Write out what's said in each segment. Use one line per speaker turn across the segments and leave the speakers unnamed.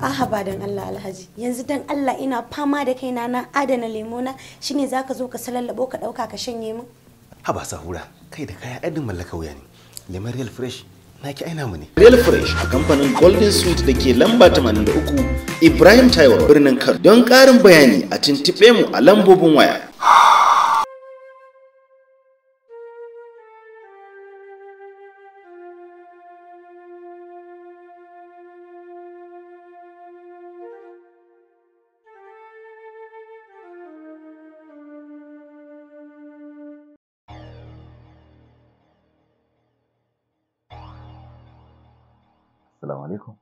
Ahaba ba dan Allah Alhaji yanzu dan Allah ina fama da kaina na adana lemona shine zaka zo ka salallabo ka dauka ka shanye min.
Haba sahura kai da kaya ɗan mallaka wuya ne. Lemon Real Fresh naki aina mu ne. Real Fresh a kamfanin Golden Sweet da ke lamba 83 Ibrahim Taiwo birnin Kano. Don ƙarin bayani a tuntuɓe mu a lambobin waya
Assalamu alaikum.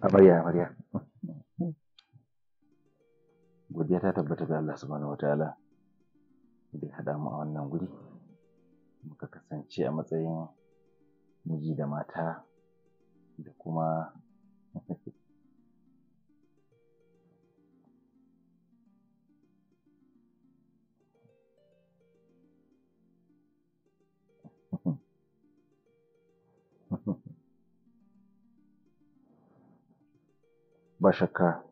amarya amarya godiya ta tabbata ga Allah subhanahu wataala da ya haɗa mu a wannan guri muka kasance a matsayin miji da mata da kuma ba shakka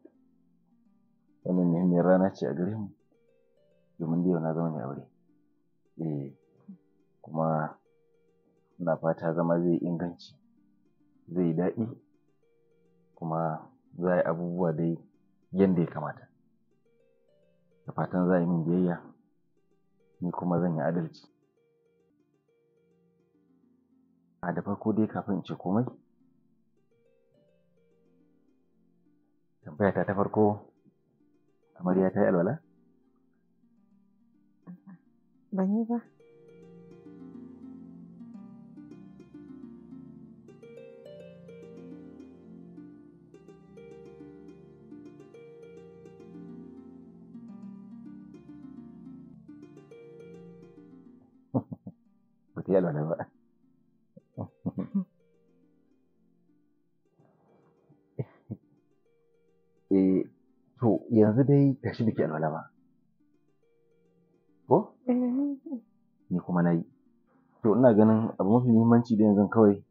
wannan muhimmiyar rana ce a gare mu domin da yau na zama mai aure eh kuma ina fata zama zai inganci zai daɗi kuma za a yi abubuwa dai yadda ya kamata da fatan za a yi min biyayya ni kuma zan yi adalci a da farko dai kafin in ce komai tambaya ta ta farko amarya ta yi alwala? ban yi ba ba ta yi alwala ba yanzu dai gashi biki alwala ba ko eh. ni kuma na yi to ina ganin abu mafi muhimmanci da yanzu kawai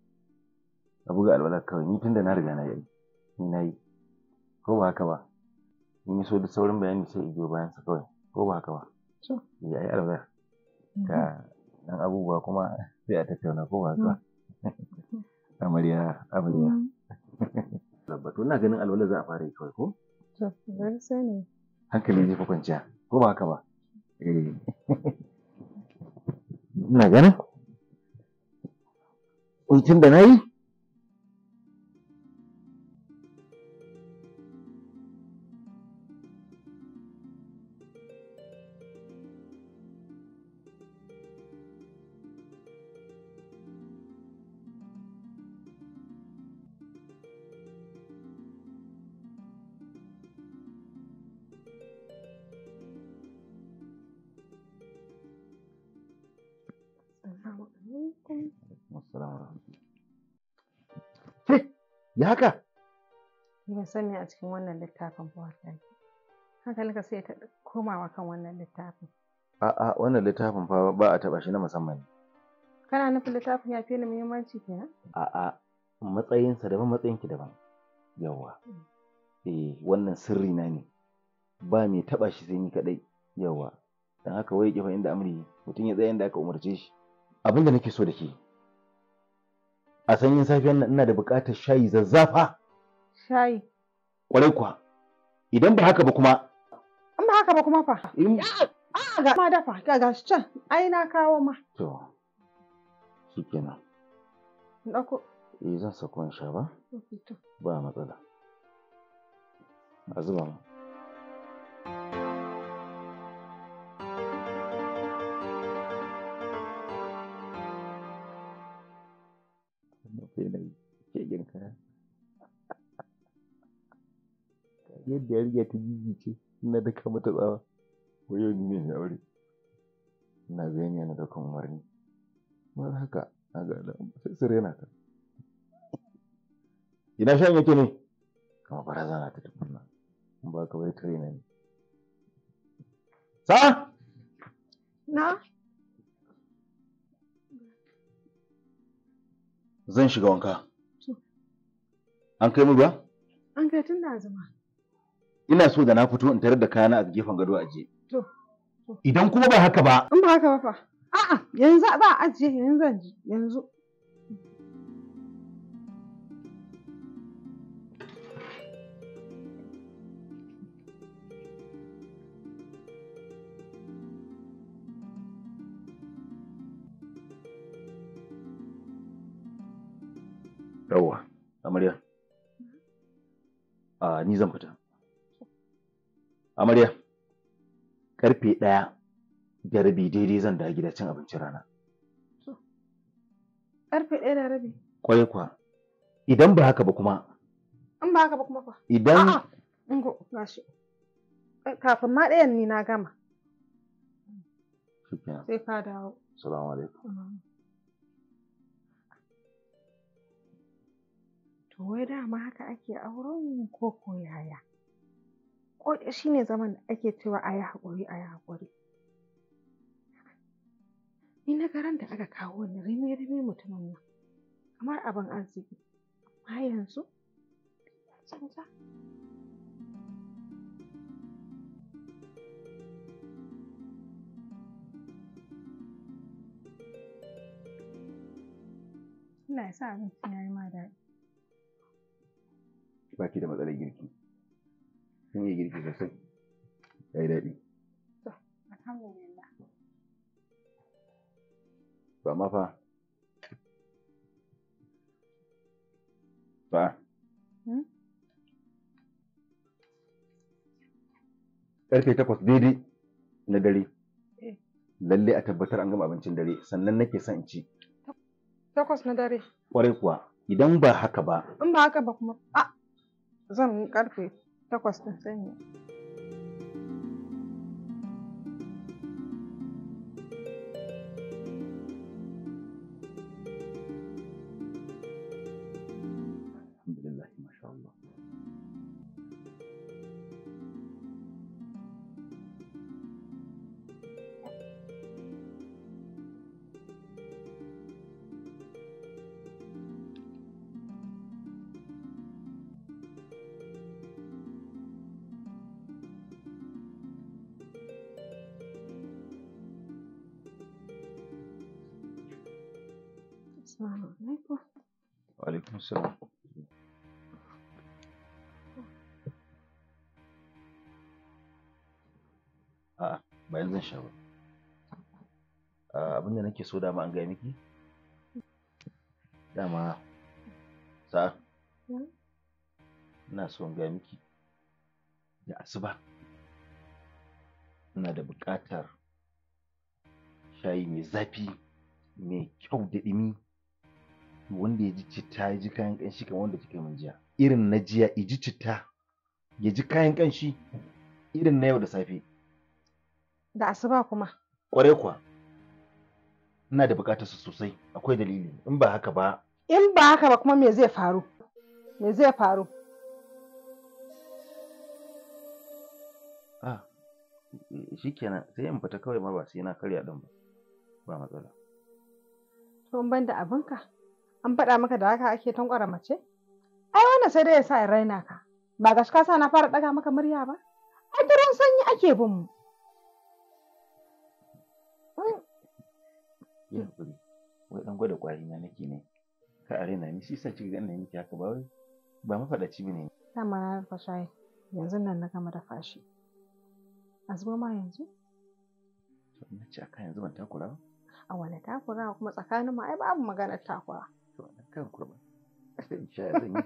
a buga alwala kawai ni tunda na riga na yi ni na yi ko ba haka ba in yi so da saurin bayani sai igiyo bayan sa kawai ko ba haka ba ya eh, yi alwala mm-hmm. ga dan abubuwa kuma sai a tattauna ko ba haka
mm-hmm.
amarya amarya mm-hmm. To ina ganin alwala za a fara yi kawai ko
To, zan sani.
Hankali zai fi kwanciya, ko ba haka ba? Eh. Ina ganin? da na yi?
Ya haka? Ban san me a cikin wannan littafin ba wallahi. Hankalinka sai ta komawa kan wannan littafin.
A'a wannan littafin fa ba a taɓa shi na musamman.
Kana nufin littafin ya fi ni muhimmanci kenan?
A'a matsayinsa daban ki daban. Yawwa. Hmm. Eh wannan sirri na ne.
Ba mai taɓa shi sai ni kaɗai. Yawwa. Dan haka wai kifa inda amri mutum ya tsaya inda aka umarce shi. Abin da nake so da ke a sanyin safiyar nan ina da buƙatar shayi zazzafa shayi kwarai kuwa idan ba haka ba kuma
in ba haka ba kuma fa a ga ma dafa ga ga shi can ai na kawo ma
to Shi kenan. ɗauko eh zan sako in sha ba ba matsala a zuba ma yarinya ta gigice da kama ta tsawa wayo ni ne aure ina gani yana daukan umarni mar haka a ga da sai su na ta ina shan yake ne kama zana ta tukunna in ba ka bai na
ne sa na zan shiga wanka an kai mu ba
an kai tun da azuma.
ina so da na fito in tarar da kayana a gefen gado a je. Idan kuma ba haka ba.
In ba haka ba fa. A'a yanzu ba a ajiye yanzu yanzu.
Yawwa,
amarya. Mm-hmm. A ah, ni zan fita. amarya karfe ɗaya da rabi daidai zan da gida cin abincin rana
karfe ɗaya da rabi
Kwaye kwa. idan ba haka ba kuma
in ba haka ba kuma kwa. idan ingo gashi eh, kafin ma ɗayan ni na gama sai ka dawo salamu alaikum to wai dama haka ake auren ko ko yaya shi ne zaman da ake cewa a yi haƙuri a yi haƙuri. Ni na garan da aka kawo ni rime-rime mutumin nan, kamar abin arziki, amma yanzu canza. Allah ya sa abinci ya yi ma daɗi.
Baki da matsalar girki. kin iya girki sosai ya
yi daɗi to alhamdulillah
ba ma fa
ba Ƙarfe hmm? takwas daidai na dare eh. lalle a tabbatar an gama abincin dare sannan nake son in ci
takwas na dare
Ƙwarai kuwa idan ba haka ba
in ba haka ba kuma a zan karfe takwas ɗin sanyi السلام عليكم
وعليكم السلام
a'a bayan zan sha ba abin da nake so dama an gaya miki dama sa'a ina so in gaya miki da asuba ina da buƙatar shayi mai zafi mai kyau da ɗumi wanda ya ji citta ya ji kayan kanshi kan wanda kika min jiya irin na jiya ya ji citta ya ji kayan kanshi irin na yau da safe
da asuba kuma
kware kuwa ina da bukatar su sosai akwai dalili in ba haka ba
in ba haka ba kuma me zai faru me zai faru
ah shikenan sai in fita kawai ma ba sai na karya din ba ba matsala
to ban da abinka An faɗa maka da haka ake tankwara mace? Ai wannan sai dai ya sa in raina ka. Ba gashi ka sa na fara ɗaga maka murya ba?
Ai duran sanyi ake bin mu.
Ya hakuri, wai ɗan gwada ƙwari na nake ne. Ka a raina ni shi sa kika ga ina miki haka ba wai ba mafaɗaci bane.
Dama na rufa shayi yanzu nan na gama da fashi. A zuba ma yanzu?
Na ce a yanzu ban takura ba.
A wane takura kuma tsakanin mu ai babu maganar takura.
kan kurma zan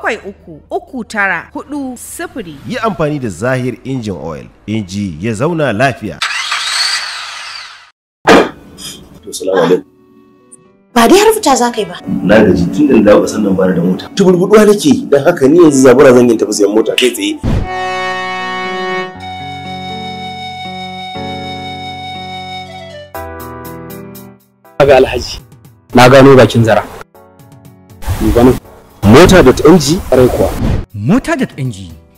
bakwai uku uku tara hudu sifiri.
Yi amfani da Zahir injin oil, inji ya zauna lafiya.
Ba dai har fita za ka yi ba.
Na gaji tun da na dawo ƙasar nan ba da mota. Tuburbuɗuwa nake don haka ni yanzu zabura zan yin tafi sayan mota kai tsaye. Ga Alhaji, na gano bakin zara. Gano. mota.ng rai kuwa
mota.ng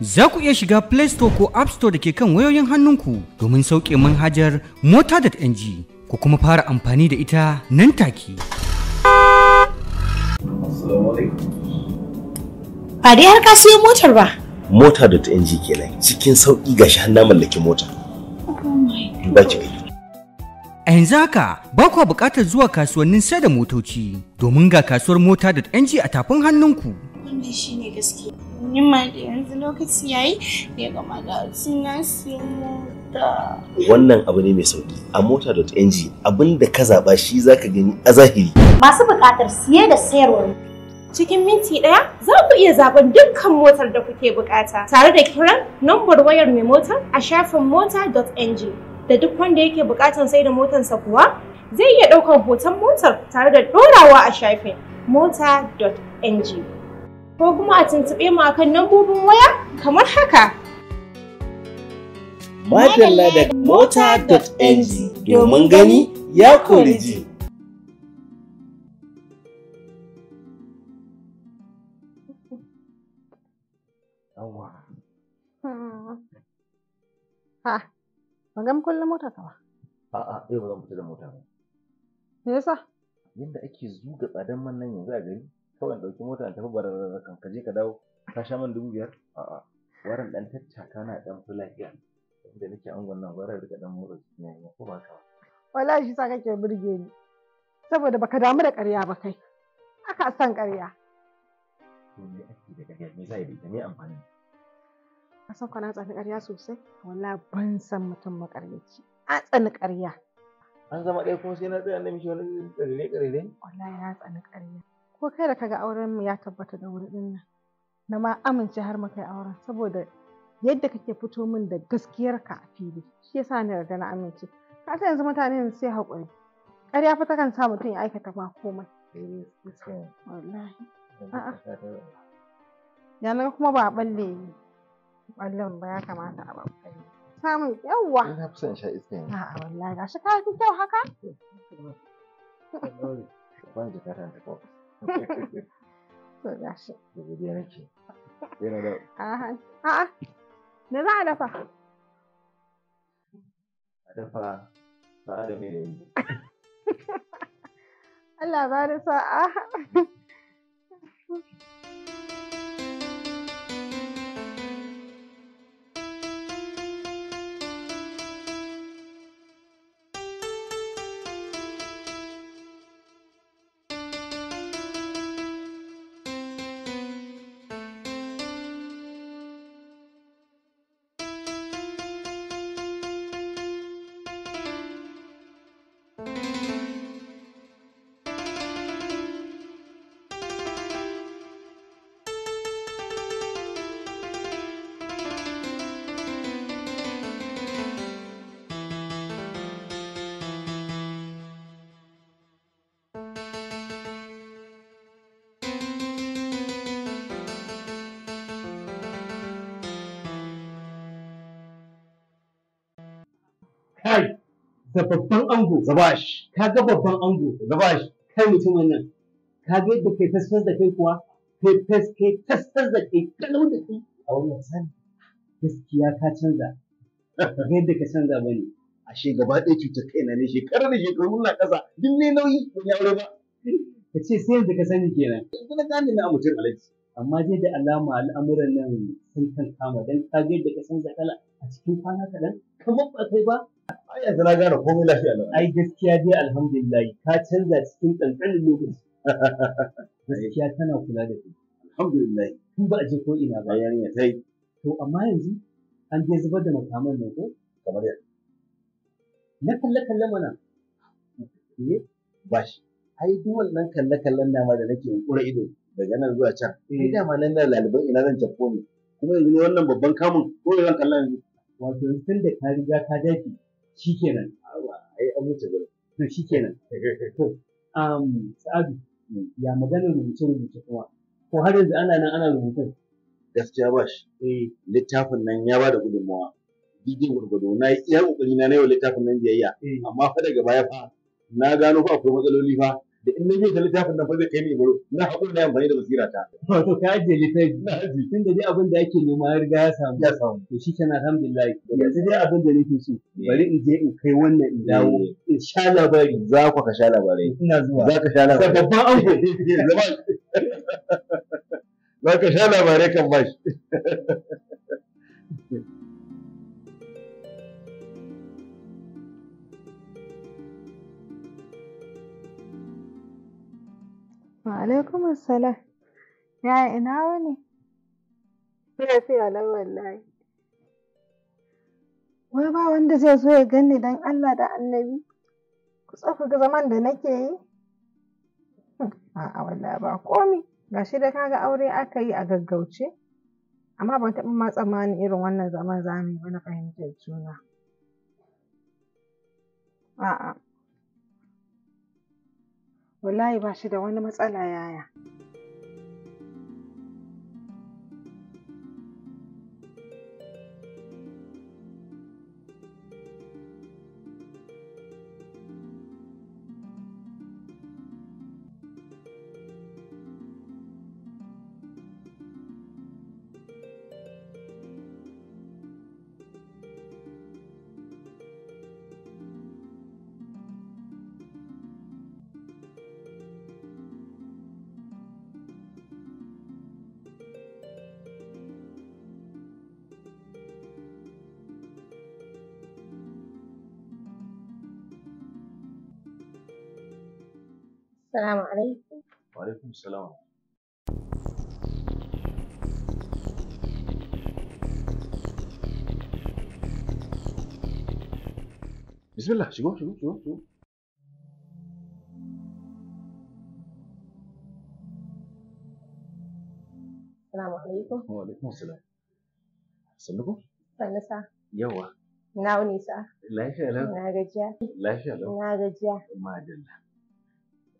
Za ku iya shiga Play Store ko App Store da ke kan wayoyin hannunku domin sauƙe manhajar mota.ng ku kuma fara amfani da ita nan take. Ba
dai har ka siyo motar ba.
Mota.ng kenan cikin sauƙi ga har na mallaki mota. Ba ki gani.
A yanzu haka ba ku buƙatar zuwa kasuwannin sai da motoci domin ga kasuwar mota.ng a tafin hannunku.
wannan shine da yanzu lokaci yayi ya na mota
wannan abu ne mai
sauki a mota.ng abinda ka zaba shi zaka gani a zahiri
masu buƙatar siye da sayarwar cikin minti ɗaya za ku iya zaben dukkan motar da kuke buƙata, tare da kiran nambar wayar mai motar a shafin mota.ng da duk wanda yake bukatar sai da motarsa kuwa zai iya ɗaukar hoton motar tare da ɗorawa a shafin mota.ng ko kuma a tuntuɓe mu akan lambobin waya kamar haka.
Madalla da mota.ng domin gani ya kori
Ha, ban gam kullum mota ka ba.
A'a, yau ba zan fita da mota ba. Me yasa? Yadda ake zuga tsadan man nan yanzu a gari, kawai ɗauki mota tafi bararra kan ka je ka dawo ka sha man dubu biyar a'a waran dan tattaka na dan fi lafiya inda nake angon nan waran rika dan mura ne ko ba ka
wallahi shi sa kake burge ni saboda baka damu da ƙarya ba kai aka san ƙarya
to me ake da ƙarya me zai da me amfani
ka san kana tsani ƙarya sosai wallahi ban san mutum makaryaci a tsani ƙarya an zama ɗaya kuma sai na tsaya na mishi wani ƙarere ƙarere wallahi na tsani ƙarya ko kai da kaga auren mu ya tabbata da wuri ɗin nan na ma amince har mu kai auren saboda yadda kake fito min da gaskiyarka a fili shi yasa ni riga na amince ka san yanzu mutane ne sai haƙuri ƙarya fa takan sa mutum ya aikata ma komai wallahi a'a ya naga kuma ba a balle ballen ba ya kamata a balle samun yawwa ina fi son sha iska ne. a'a wallahi gashi ka fi kyau haka
ba jikata da kofi
to da shi nake yana da a a me za a dafa
a dafa sa'a da mai
Allah ba da sa'a
ga babban ango gaba shi ka ga babban ango gaba shi kai mutumin nan ka ga yadda kai tasfas da kai kuwa kai tasfas da kai kalau da kai a wannan sani gaskiya ka canza ga yadda ka canza bane ashe gaba ɗaya cutar kai na ne shekarar da shekaru muna ƙasa duk ne nauyi ko ya aure ba ka ce sai yadda ka sani kenan yanzu na gane na mutum alaji amma dai da alama al'amuran nan sun kan kama dan ka ga yadda ka canza kala a cikin kwana kaɗan kamar ba kai ba yanzu na gane komai lafiya lau. Ai gaskiya dai alhamdulillah ka canza cikin ƙanƙanin lokaci. Gaskiya tana kula da kai. Alhamdulillah. Tun ba a je ko ina ba. Yarinya ta yi. To amma yanzu an je zubar da makaman nan ko? Kamar yadda. Na kalle kalle mana. Ne? Eh? Ba shi. Ai duk wannan kalle kallen nama da nake kura ido daga nan zuwa can. Ni eh. ma nan na laliban ina zan cafko ne. Kuma yanzu ne wannan babban kamun ko zan kalla yanzu. Wato tun da ka riga ka dafi. Shikenan, ai an wuce gurin to shi kenan to sa'adu ya magana rubuce rubuce kuma ko har yanzu ana nan ana rubutun gaskiya ba shi eh. littafin nan ya ba da gudunmawa daidai gwargwado na yi iya kokari na yau littafin nan biyayya eh. amma fa daga baya fa na gano fa akwai matsaloli fa da in na je da littafin nan fa zai kai ni ibro na haƙura na amfani da basira ta wato ka ajiye littafi na aji tun da dai abin da ake nema ya riga ya samu ya samu to shi kenan alhamdulillah yanzu dai abin da nake so eh. bari in je in kai wannan in dawo eh. in sha labari za ku ka sha labarai ina zuwa za ka sha labarai babban ango za ka sha labarai kan bashi
Wa'alaikumussalam. Yaya ina wuni? Lafiya lau wallahi. Wai ba wanda zai zo ya ganni don Allah da Annabi? Ku ga zaman da nake yi? A'a wallahi ba komi. Ga shi da kaga aure aka yi a gaggauce. Amma ban taɓa ma tsammanin irin wannan zaman za mu yi na fahimtar juna. A'a. Wallahi ba shi da wani matsala yaya.
السلام عليكم وعليكم السلام بسم الله شو شو شو شو السلام عليكم وعليكم السلام احسن لكم فين ساعه يوا ناوني ساعه لا شيء لا لا رجع لا شيء لا ما رجع ما جل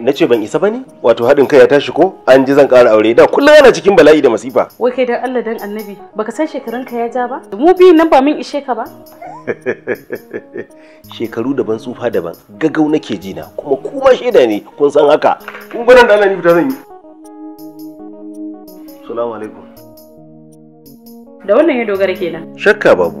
na ce ban isa ba ne wato haɗin kai ya tashi ko an ji zan ƙara aure da kullum yana cikin bala'i da masifa
wai kai dan Allah dan annabi baka san shekarun ka ya ja ba mu biyun nan ba min ishe ka ba
shekaru daban tsufa daban gagau nake jina kuma kuma shaida ne kun san haka kun gwanin da Allah ne fita zan yi salamu alaikum
da wannan ya dogara kenan
shakka babu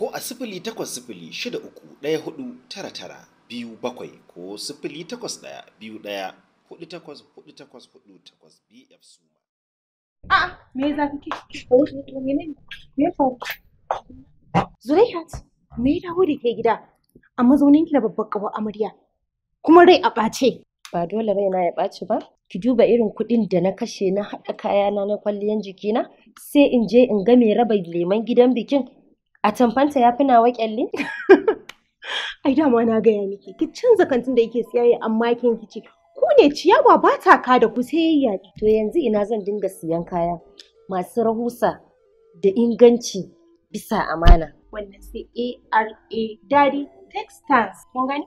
ko a sifili takwas sifili shida uku ɗaya hudu tara tara biyu bakwai ko sifili takwas ɗaya biyu ɗaya hudu takwas hudu takwas hudu takwas bf suma.
A'a
me za ka ke? Me ya faru? Zulaihat me ya dawo da ke gida a mazaunin ki da babbar kawo amarya kuma rai a ɓace. Ba dole raina ya ɓace ba. Ki duba irin kuɗin da na kashe na haɗa kayana na kwalliyan jikina sai in je in ga mai raba leman gidan bikin a tamfanta ya fi nawa kyalle ai dama na gaya miki ki canza kantin da yake siyayya amma kin ce ku ne ciyawa ba ta ka da ku sai yayi to yanzu ina zan dinga siyan kaya masu rahusa da inganci bisa amana wannan sai ARA Daddy Textiles kun gani